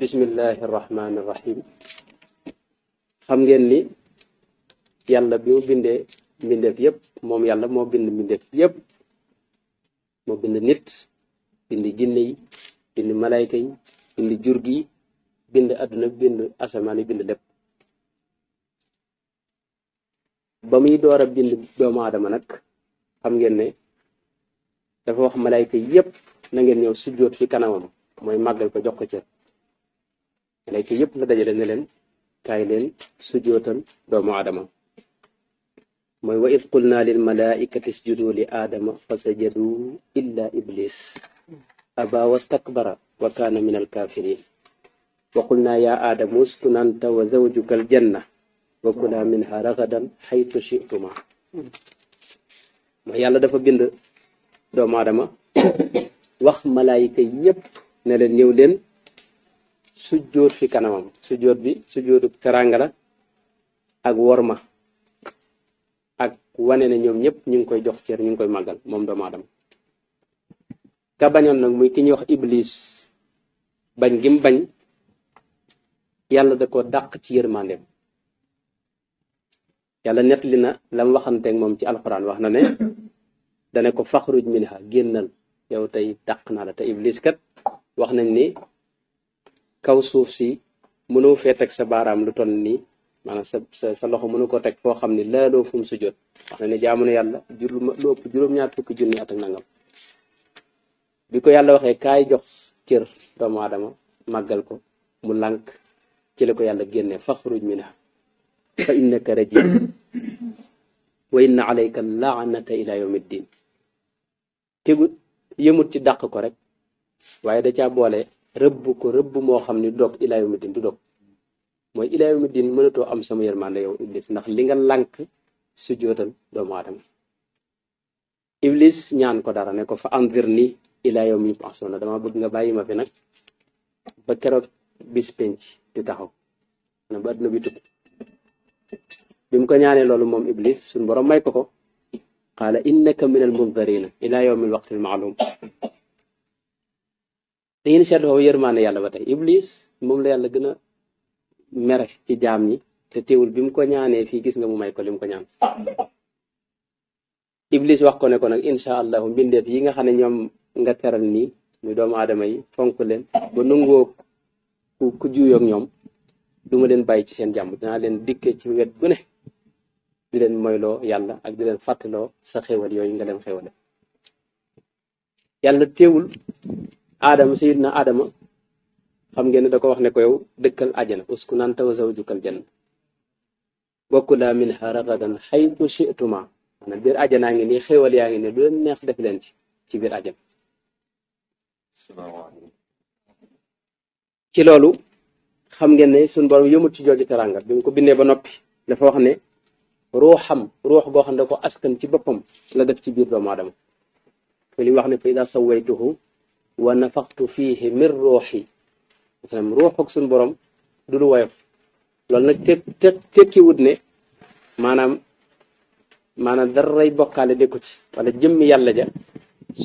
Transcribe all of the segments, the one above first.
bismillahi rahmaani rahim xam ngeen ni yàlla bi mu bindee mbindeef yépp moom yàlla moo bind mbindeef yépp moo bind nit bind jinne yi bind malayka yi bind jur gi bind àdduna bind asamaan yi bind lépp ba muy door bind doomu aadama nag xam ngeen ne dafa wax malayka yépp na ngeen ñëw sujjóot fi kanamam mooy màggal ko jox ko cër malayka yëpp la dajale ne leen kaay leen sujootal doomu aadama mooy wa id qulna lil malaikati isjudu li aadama fa sajadu illa iblis aba wastakbara wa kaana min alkafirin wa qulna ya aadamu uskun anta wa zawjuka aljanna wa kula minha ragadan xaytu chituma mooy yàlla dafa bind doomu aadama wax malayka yëpp ne ñëw leen sujjóot fi kanamam sujjóot bi sujjóotu teranga la ak worma ak wane ne ñoom ñëpp ñu ngi koy jox cër ñu ngi koy màggal moom doomu aadama ka bañoon nag muy ki ñuy wax iblis bañ gim bañ yàlla da ko dàq ci yërmandeem yàlla nett li na lam waxanteeg moom ci alxuraan wax na ne dane ko faxruj minha génnal yow tey dàq naa la te iblis kat wax nañ ni kaw suuf si mënoo fee teg sa baaraam lu toll nii maanaam sa sa sa loxo mënu ko teg foo xam ne laaloo fu mu su jot wax na ne jaamu na yàlla juróom lu ëpp juróom-ñaar nangam bi ko yàlla waxee kaay jox cër doomu aadama màggal ko mu lànk ci la ko yàlla génne faxruj minha fa innaka rajim wa inna alayka laanata ila yawmi ddin tegut yëmut ci daq ko rek waaye da caa boole rëbb ko rëbb moo xam ni dog ilaa yawmi din du dog mooy ilaa yawmi din mënatoo am sama yërmande yow iblis ndax li nga lànk su jootal doomu aadama iblis ñaan ko dara ne ko fa andir ni ilaa yawmi yub'asuna dama bëgg nga bàyyi ma fi nag keroog bis penc di taxaw na ba adduna bi tukki mu ko ñaanee loolu moom iblis suñ borom may ko ko qaala innaka min al mundarina ilaa yawmi al waqti al maalum te yéen seetlu foofu yërmaane yàlla ba tey iblis moom la yàlla gën a mere ci jaam ñi te teewul bi mu ko ñaanee fii gis nga mu may ko li mu ko ñaan iblis wax ko ne ko nag incha allahu mbindeef yi nga xam ne ñoom nga teral nii muy doomu aadama yi fonk leen ba nungoo ku ku ñoom duma leen bàyyi ci seen jàmm dinaa leen dikk ci wet gu ne di leen moyloo yàlla ak di leen fàttaloo sa xéwal yooyu nga leen xéwale yàlla teewul aadama na adama xam ngeen ne da ko wax ne ko yow dëkkal àjjana uskun anta wa zawjukal janna wa kulaa minha ragadan xaytu chituma maanaam biir àjjanaa ngi nii xéwal yaa ngi nii lu neex def leen ci ci biir àjjana ci loolu xam ngeen sun suñu borom yëmut ci jooju teranga bi mu ko bindee ba noppi dafa wax ne ruuxam ruux goo xam ne ko askan ci boppam la def ci biir doomu aadama te li wax ne fa ida sawaytuhu wa nafaxtu fiihi min ruuxi maanaam ruuxu ak suñu borom du lu woyof loolu nag te te tekki wut ne maanaam maanaam daray de ko ci wala jëmmi yàlla ja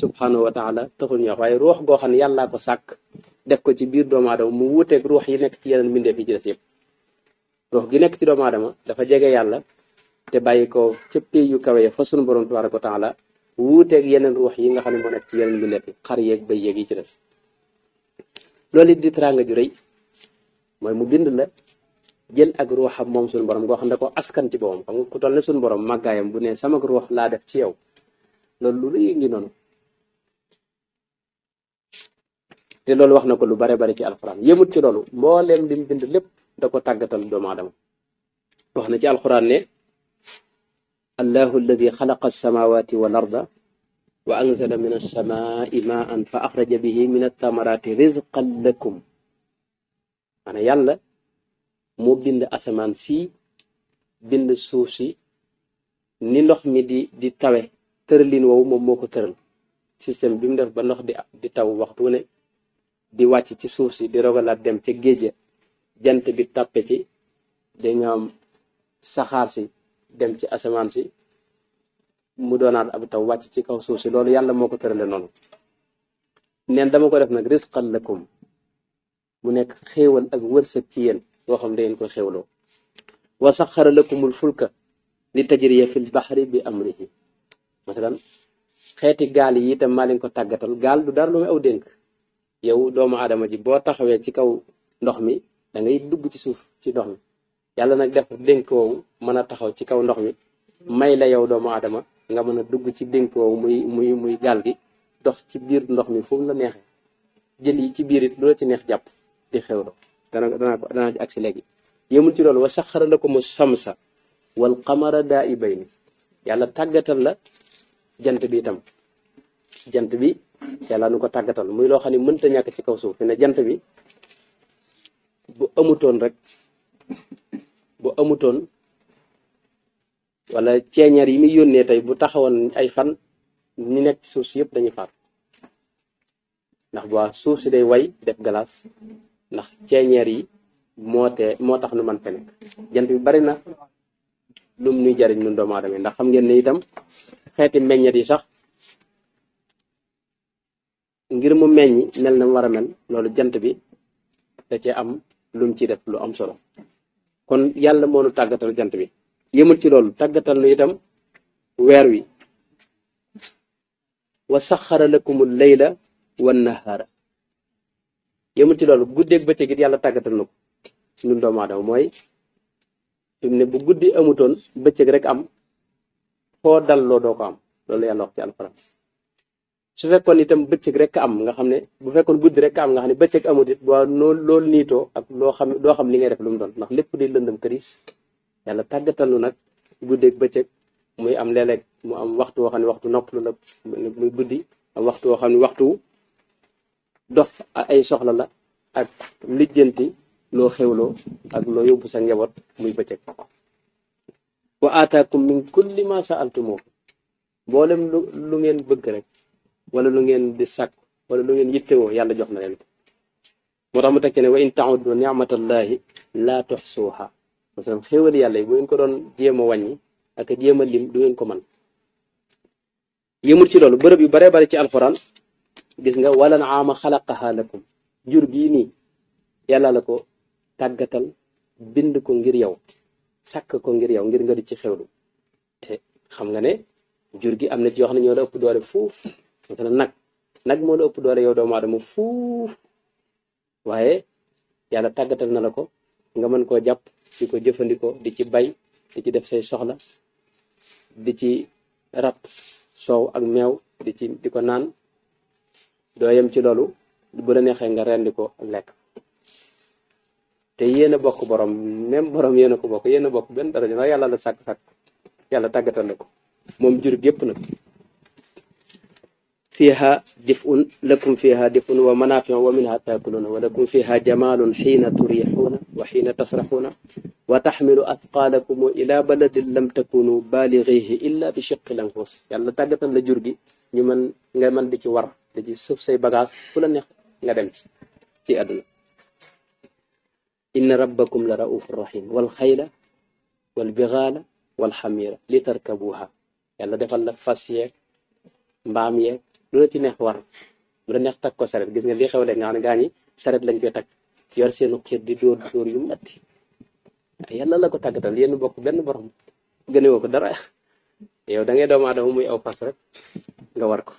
subhanahu wa taala taxul ñu wax waaye ruux goo xam ne yàllaa ko sàkk def ko ci biir doomu aadama mu wuuteeg ruux yi nekk ci yeneen mbindeef yi ci des yëpp ruux gi nekk ci doomu aadama dafa jege yàlla te bàyyi ko ca pay kawee kawe ya fa sunu borom tabaraka wa taala wuuteeg yeneen ruux yi nga xam ne moo nekk ci yeneen bi nekk xar yeeg ba yeeg yi ci des loolu it di teraanga ju rëy mooy mu bind la jël ak xam moom suñu borom goo xam ne ko askan ci boppam xam nga ku toll ne suñu borom bu ne sama ruux laa def ci yow loolu lu rëy ngi noonu te loolu wax na ko lu bare bari ci alxuraan yëmut ci loolu mbooleem lim bind lépp da ko tàggatal doomu wax na ci alxuraan ne allahu alladi xalaqa alsamawati wal arda wa anzala min alsamai maan fa axraja bihi min altamarati rizqan lakum maanaam yàlla moo bind asamaan si bind suuf si ni ndox mi di di tawe tëralin woowu moom moo ko tëral système bi mu def ba ndox di di taw waxtu ne di wàcc ci suuf si di rogalaat dem ca géej jant bi tàppe ci di nga am si dem ci asamaan si mu doonaat ab taw wàcc ci kaw suuf si loolu yàlla moo ko tërale noonu neen dama ko def nag risqan lakum mu nekk xéewal ak wërsëg ci yéen boo xam ne dangeen koy xéewloo wa sax saxara lakumul fulka li tajriya fil baxri bi amrihi masalan xeeti gaal yi itam maa leen ko tàggatal gaal du dara lu muy aw dénk yow doomu aadama ji boo taxawee ci kaw ndox mi dangay dugg ci suuf ci ndox mi yàlla nag def dénk woowu mën a taxaw ci kaw ndox mi may la yow doomu aadama nga mën a dugg ci dénk woowu muy muy muy gaal gi dox ci biir ndox mi fu la neexee jën yi ci biir it lu la ci neex jàpp di xew do dana danaa si danaa ci agsi ci loolu wa saxara la ko mu samsa wal qamara daa i bay ni yàlla tàggatal la jant bi itam jant bi yàlla nu ko tàggatal muy loo xam ne mënta ñàkk ci kaw suuf fi ne jant bi bu amutoon rek bu amutoon wala ceeñeer yi muy yónnee tey bu taxawoon ay fan ñu nekk ci suuf si yëpp dañuy faatu ndax bu suuf si day way def glace ndax ceeñeer yi moo tee moo tax nu man fe nekk jant bi bari na lum nuy jariñ nun doomu aadama ndax xam ngeen ne itam xeeti meññet yi sax ngir mu meññ mel na mu war a mel loolu jant bi da cee am lum ci def lu am solo kon yàlla moo nu tàggatal jant bi yëmul ci loolu tàggatal nu itam weer wi wa saxara lakumul layla wan nahaara yëmul ci loolu guddeeg bëccëg it yàlla tàggatal na ko ñun doomu aadama mooy fi mu ne bu guddi amutoon bëccëg rek am foo dalloo doo ko am loolu yàlla wax ci alxuraan su fekkoon itam bëccëg rek am nga xam ne bu fekkoon guddi rek am nga xam bëccëg am it boo niitoo ak loo xam doo xam li ngay def lu mu doon ndax lépp di lëndëm këris yàlla tàggatal nu nag guddeeg bëccëg muy am léeg mu am waxtu woo xam ne waxtu noppalu la muy guddi am waxtu woo xam ne waxtu dof ay soxla la ak lijjanti loo xewloo ak loo yóbbu sa ngewot muy bëccëg wa aataakum min kulli ma saaltumoo mboolem lu lu ngeen bëgg rek wala lu ngeen di sak wala lu ngeen yittewoo yàlla jox na leen ko moo tax mu teg ci ne wa in tauddu nicmatallahi laa tuxsuuha masalan xéewal yàlla yi bu ko doon jéem a wàññi ak jéem a lim du ngeen ko man yëmul ci loolu bërëb yu baree bari ci alquran gis nga wala na walan aama xalaqaha lakum jur gii nii yàlla la ko tàggatal bind ko ngir yow sàkk ko ngir yow ngir nga di ci xewlu te xam nga ne jur gi am na ci yoo xam ne ñoo la parce que nag nag moo la ëpp doole yow doomu aadama fuuf waaye yàlla tàggatal na la ko nga mën koo jàpp di ko jëfandikoo di ci bay di ci def say soxla di ci rat soow ak meew di ci di ko naan doo yem ci loolu bu ne neexee nga rendi ko lekk te yéen a bokk borom même borom yéen a ko bokk yenn bokk benn dara nag yàlla la sàkk sàkk yàlla tàggatal na ko moom jur gépp nag fiha difun lakum fiha difun wa manafiu wa minha taakuluna wa lakum fiha jamalun xiina turixuuna wa xiina tasraxuuna wa taxmilu atqaalakum ila baladin lam takunu baaligihi illa bi shiqi lanfus yàlla tàggatan la jur gi ñu mën nga mën di ci war di ci suuf say bagage fu la neex nga dem ci ci àdduna inna rabbakum la rauf rahim wal xayla wal bigaala wal xamira li tarkabuha yàlla defal la fas yeeg mbaam yeeg lu la ci neex war lu la neex takk ko saret gis nga li xew léegi nga xam ne gaa ñi saret lañ koy takk yor seenu xiir di dóor dóor yu metti yàlla la ko tàggatal yéen bokk benn borom gëne woo ko dara yow da ngay doomu aadama muy aw fas rek nga war ko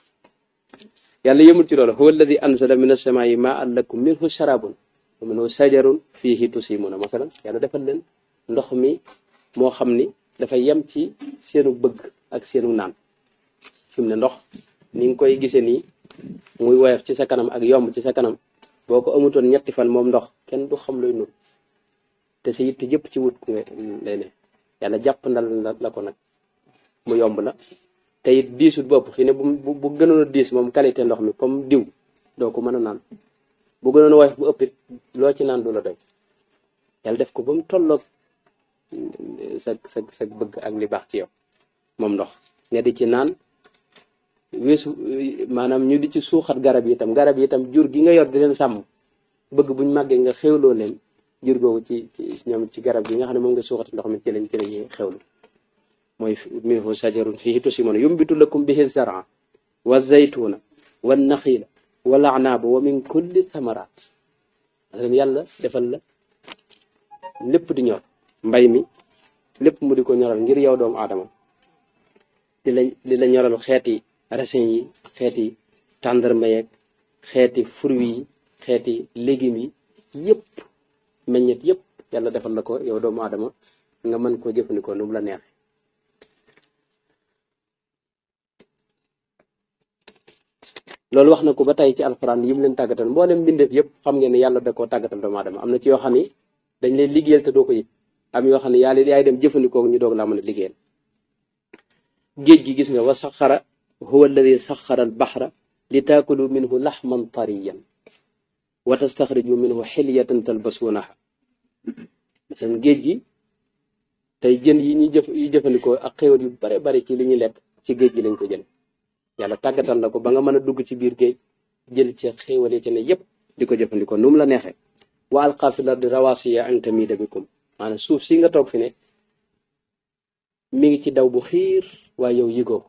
yàlla yëmul ci loolu huwa alladi anzala min as-samaa'i maa'an lakum minhu sharabun wa minhu shajarun fiihi tusimuuna masalan yàlla defal leen ndox mi moo xam ni dafa yem ci seenu bëgg ak seenu naan fi ne ndox ni nga koy gisee nii muy woyof ci sa kanam ak yomb ci sa kanam boo ko amutoon ñetti fan moom ndox kenn du xam luy nul te sa yitte jëpp ci wut lay ne yàlla jàpp ndal la la ko nag mu yomb la te it diisut bopp fi ne bu bu diis moom qualité ndox mi comme diw doo ko mën a naan bu gënoon a bu ëppit loo ci naan du la doy yàlla def ko ba mu tollook mm, sa sa sa bëgg ak li baax ci yow moom ndox nga ci naan weesu maanaam ñu di ci suuxat garab yi itam garab yi itam jur gi nga yor di leen sàmm bëgg buñ màggee nga xewloo leen jur googu ci ci ñoom ci garab gi nga xam ne moom nga suuxati ndox mi ci lañ ci lañuy xewlu mooy minhu sajarun fiihi tusimuna yumbitu lakum bihi zaraa wa zaytuna wa naxiila wal anaaba wa mi kulli tamaraat yàlla defal la lépp di ñor mbay mi lépp mu di ko ñoral ngir yow doomu aadama li la ñoral xeet yi arasin yi xeeti tàndarma yeeg xeeti fruits yi xeeti légumes yi yëpp meññet yëpp yàlla defal la ko yow doomu adama nga mën koo jëfandikoo nu la neexee loolu wax na ko ba tey ci alxuraan yi mu leen tàggatal dem mbindeef yëpp xam ngeen ne yàlla da koo tàggatal doomu aadama am na ci yoo xam ni dañ leen liggéeyal te doo ko yëg am yoo xam ne yàlla yaay dem jëfandikoo ñu doog laa mën a liggéeyal géej gi gis nga wa saxara huwa alladi saxara albaxra li taakulu minhu laxman tariyan wa tastaxriju minhu xilyatan talbasuunaha masalan géej gi tey jën yi ñuy jëf yi jëfandikoo ak xéwal yu bare bari ci li ñuy lekk ci géej gi lañ ko jële yàlla tàggatal na ko ba nga mën a dugg ci biir géej jël ci xéwal yi ci ne yépp di ko jëfandikoo nu la neexee wa alqaa fil ardi rawaasiya an tamiida bikum maanaam suuf si nga toog fi ne mi ngi ci daw bu xiir waaye yow yigoo ko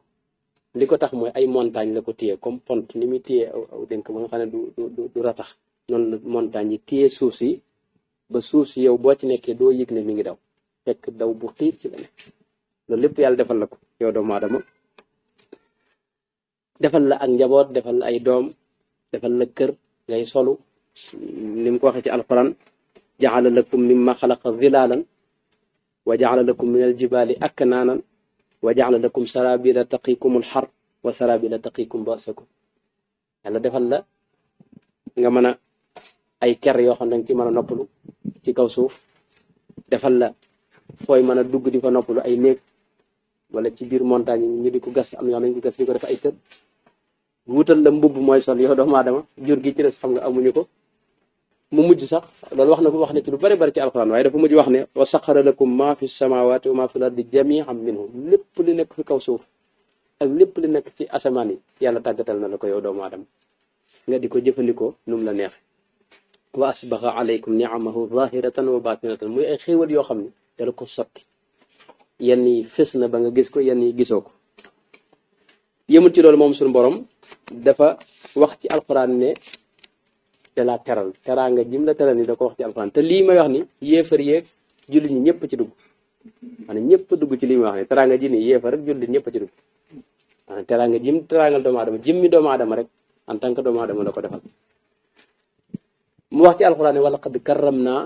li ko tax mooy ay montagne la ko téye comme pont ni muy téye aw dénk ba nga xam ne du du du ratax noonu la montagne yi téye suuf si ba suuf si yow boo ci nekkee doo yëg ne mi ngi daw fekk daw bu xiir ci la nekk loolu lépp yàlla defal la ko yow doomu aadama defal la ak njaboot defal la ay doom defal la kër ngay solu ni mu ko waxee ci alquran jaala lakum mimma xalaqa zilaalan wa jaala lakum min al jibaali aknaanan wa jaxla lakum sarabila taqikumul xar wa sarabila taqikum basakum yàlla defal la nga mën a ay ker yoo xam ne ci mën a noppalu ci kaw suuf defal la fooy mën a dugg di fa noppalu ay néeg wala ci biir montagne ñu di ko gas am yoo xam ne ñu ko gas di ko def ay tëb wutal la mbubb mooy sol yow doomu aadama jur gi ci des xam nga amuñu ko mu mujj sax loolu wax na ko wax na ci lu bari bari ci alquran waaye dafa mujj wax ne wa saxara lakum maa fi samawaati wa maa fi lardi jamian minhu lépp li nekk fi kaw suuf ak lépp li nekk ci asamaan yi yàlla tàggatal na la ko yow doomu aadama nga di ko jëfandikoo nu la neexe wa asbaxa alaykum niamahu zahiratan wa batinatan muy ay xéewal yoo xam ne dala ko sot yenn yi fës na ba nga gis ko yenn yi gisoo ko yëmul ci loolu moom suñu borom dafa wax ci alquran ne te laa teral teraanga jim la teral ni da ko wax ci alxuraan te lii may wax ni yéefar yeeg jullit ñi ñëpp ci dugg maanaam ñëpp dugg ci lii wax ni teraanga ji ni yéefar rek jullit ñëpp ci dugg maanaam teraanga jim teraangal doomu aadama jimmi doomu aadama rek en tant que doomu aadama la ko defal mu wax ci alxuraan ne walaqad karram naa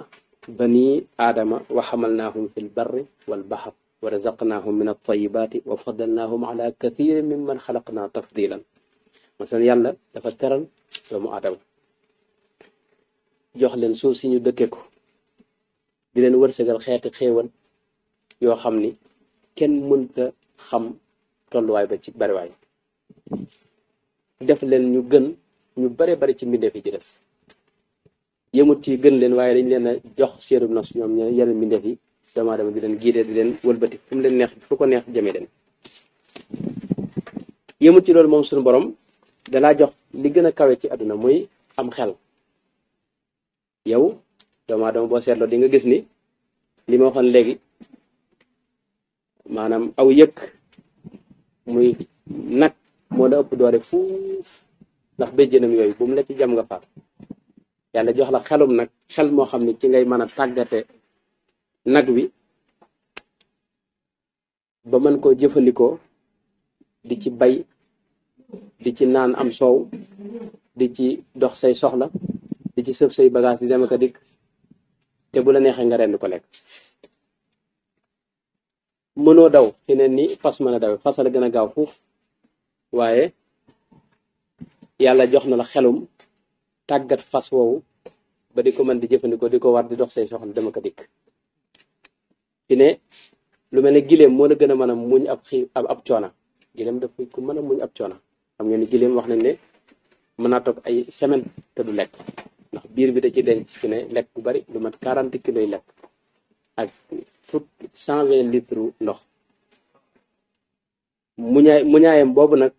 bani aadama wa xamalnaahum fi lbarri walbaxar wa razaqnaahum min altayibaati wa faddalnaahum ala kathirin mimman xalaqnaa tafdilan masalan yàlla dafa teral doomu aadama jox leen suuf si ñu dëkke ko di leen wërsëgal xeeti xéewal yoo xam ni kenn mënta xam tolluwaay ba ci bariwaay def leen ñu gën ñu bare bari ci mbindeef yi ci des yëmut ci gën leen waaye dañ leen a jox seenub su ñoom ñe yeneen mbindeef yi dama dama di leen giidee di leen wëlbati fu mu leen neex fu ko neex jëme leen yëmut ci loolu moom suñu boroom dalaa jox li gën a kawe ci àdduna muy am xel yow doomu aadama boo seetloo di nga gis ni li ma waxoon léegi maanaam aw yëkk muy nag moo la ëpp doole fuuf ndax béjjënam yooyu bu mu la ci jam nga faat yàlla jox la xelum nag xel moo xam ne ci ngay mën a tàggate nag wi ba mën koo jëfandikoo di ci bay di ci naan am soow di ci dox say soxla di ci sëf say bagage di dem ak a dikk te bu la neexee nga rend ko lekk mënoo daw fi ne ni fas mën a dawe fas la gën a gaaw fuuf waaye yàlla jox na la xelum tàggat fas woowu ba di ko mën di jëfandikoo di ko war di dox say soxla dem ko a dikk fi ne lu mel ne gileem moo la gën a mën a muñ ab xii ab coona gileem daf ko mën a muñ ab coona xam ngeen ni gileem wax nañ ne mën naa toog ay semaine te du lekk ndax biir bi da ci denc fi ne lekk bu bari lu mat quarante kiloy lekk ak fukk cent vingt litres ndox muñaay muñaayam boobu nag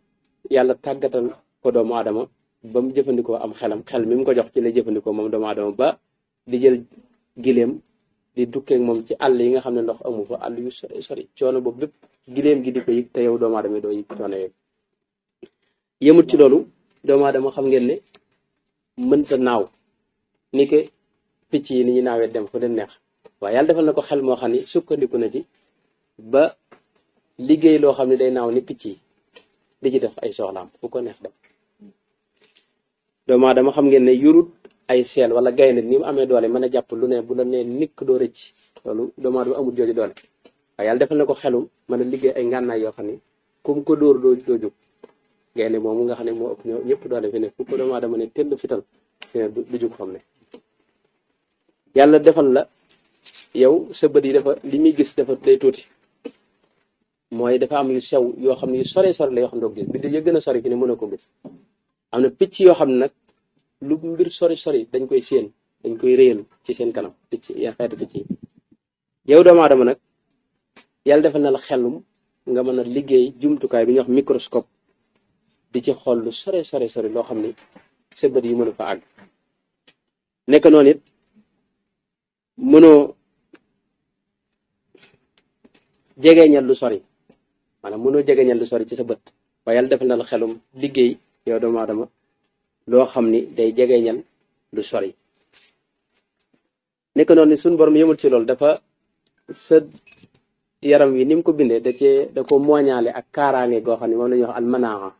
yàlla tàggatal ko doomu aadama ba mu jëfandikoo am xelam xel mi mu ko jox ci la jëfandikoo moom doomu aadama ba di jël gileem di dukkeek moom ci àll yi nga xam ne ndox amu fa àll yu sori sori coono boobu gileem gi di ko yëg te yow doomu aadama yi doo yëg coono yooyu yëmut ci loolu doomu aadama xam ngeen ne mënta naaw ni que picc yi ni ñu naawee dem fu leen neex waaye yàlla defal na ko xel moo xam ne sukkandiku na ci ba liggéey loo xam ne day naaw ni picc yi di ci def ay soxlaam fu ko neex dem doomu aadama xam ngeen ne yurut ay seel wala gaynde ni mu amee doole mën a jàpp lu ne bu la nee nikk doo rëcc loolu doomu aadama amul jooju doole waaye yàlla defal na ko xelum mën a liggéey ay ngànnaay yoo xam ne kum ko dóor doo doo jóg gaynde moomu nga xam ne moo ëpp ñëpp doole fi ne fu ko doomu aadama fital fi ne du jóg yàlla defal la yow sa bët yi dafa li muy gis dafa day tuuti mooy dafa am yu sew yoo xam ne yu sore sore la yoo xam ne doo gis biddiw ya gën a sori fi mën a ko gis am na picc yoo xam ne nag lu mbir sori sori dañ koy séen dañ koy réyal ci seen kanam picc ya xeetu picc yow doomu aadama nag yàlla defal na la xelum nga mën a liggéey jumtukaay bi ñoo xam microscope di ci xool lu sore sore sori loo xam ne sa yi mën a fa àgg nekk noonu it mënoo jegeeñal lu sori maanaam mënoo jegeeñal lu sori ci sa bët waaye yàlla defal na xelum liggéey yow doomu aadama loo xam ni day jegeeñal lu sori nekk noonu ni suñ borom yëmul ci loolu dafa sa yaram wi ni mu ko bindee da cee da ko mooñaale ak kaaraange goo xam ne moom la wax al manaa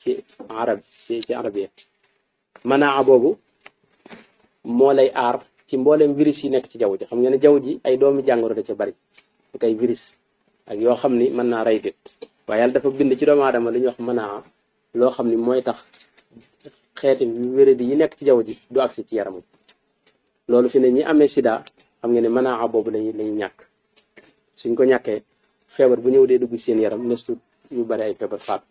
ci arab ci ci arab yi manaa boobu moo lay aar ci mbooleem virus yi nekk ci jaww ji xam ngeen jaw ji ay doomi jàngoro da bari kay ay virus ak yoo xam ni mën naa rey nit waaye yàlla dafa bind ci doomu aadama li wax manaa loo xam ni mooy tax xeeti wéradi yi nekk ci jaww ji du agsi ci yaram loolu fi ne ñi amee sida xam ngeen ne manaa boobu lañuy lañuy ñàkk suñ ko ñàkkee feebar bu ñëw dee dugg seen yaram nestu ñu bari ay feebar faat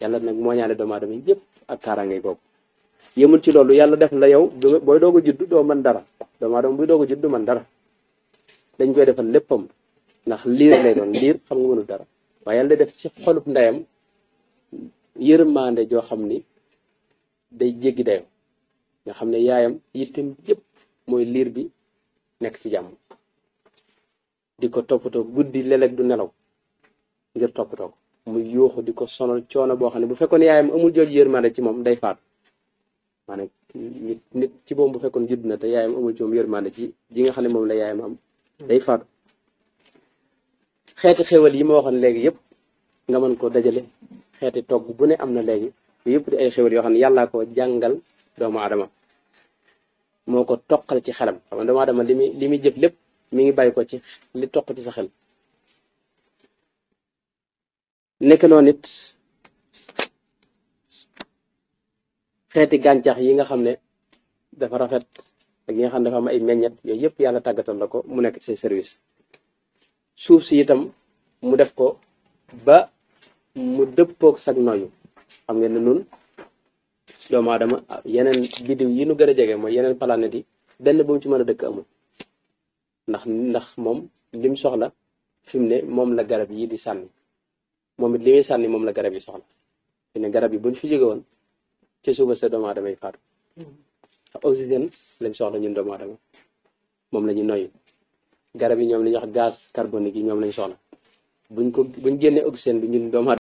yàlla nag moo ñaale doomu aadama yëpp ak kaaraange boobu yëmul ci loolu yàlla def la yow booy doog a juddu doo mën dara doomu aadama buy doog a dara dañ koy defal léppam ndax liir lay doon liir xam nga mënul dara waaye yàlla def ci xolub ndeyam yërmande joo xam ni day jéggi dayoo nga xam ne yaayam yittem yëpp mooy liir bi nekk ci jàmm di ko toppatoo guddi leleg du nelaw ngir toppatoo ko mu yuuxu di ko sonal coono boo xam ne bu fekkoon yaayam amul jooju yërmande ci moom day faatu maanaam ci moom bu fekkoon judd na te yaayam amul ci moom yërmande ci ji nga xam ne moom la yaayam am hmm. day faatu xeeti xéwal yi ma waxoon léegi yëpp nga mën ko dajale xeeti togg bu ne am na léegi yëpp di ay xéwal yoo xam ne yàllaa ko jàngal doomu ko toqal ci xelam xam nga doomu aadama li muy li lépp mi ngi bàyyi ko ci li toq ci sa xel nekk noonu it xeeti gàncax yi nga xam ne dafa rafet ak yi nga xam ne dafa am ay meññet yooyu yëpp yàlla tàggatal la ko mu nekk ci say service suuf si itam mu def ko ba mu dëppoog sag nooyu xam ngeen ne nun doomu aadama yeneen biddiw yi nu gën a jege mooy yeneen planète yi benn bu mu ci mën a dëkk amul ndax ndax moom lim soxla fi mu ne moom la garab yi di sànni moom it li muy sànni moom la garab yi soxla fi ne garab yi buñ fi jóge woon ci suba sa doomu aadama yi faatu hmm. oxygène lañ soxla ñun doomu aadama moom la ñu noyyi garab yi ñoom la ñuy wax gaz carbonique yi ñoom lañ soxla buñ ko buñ génnee oxygène bi ñun doomu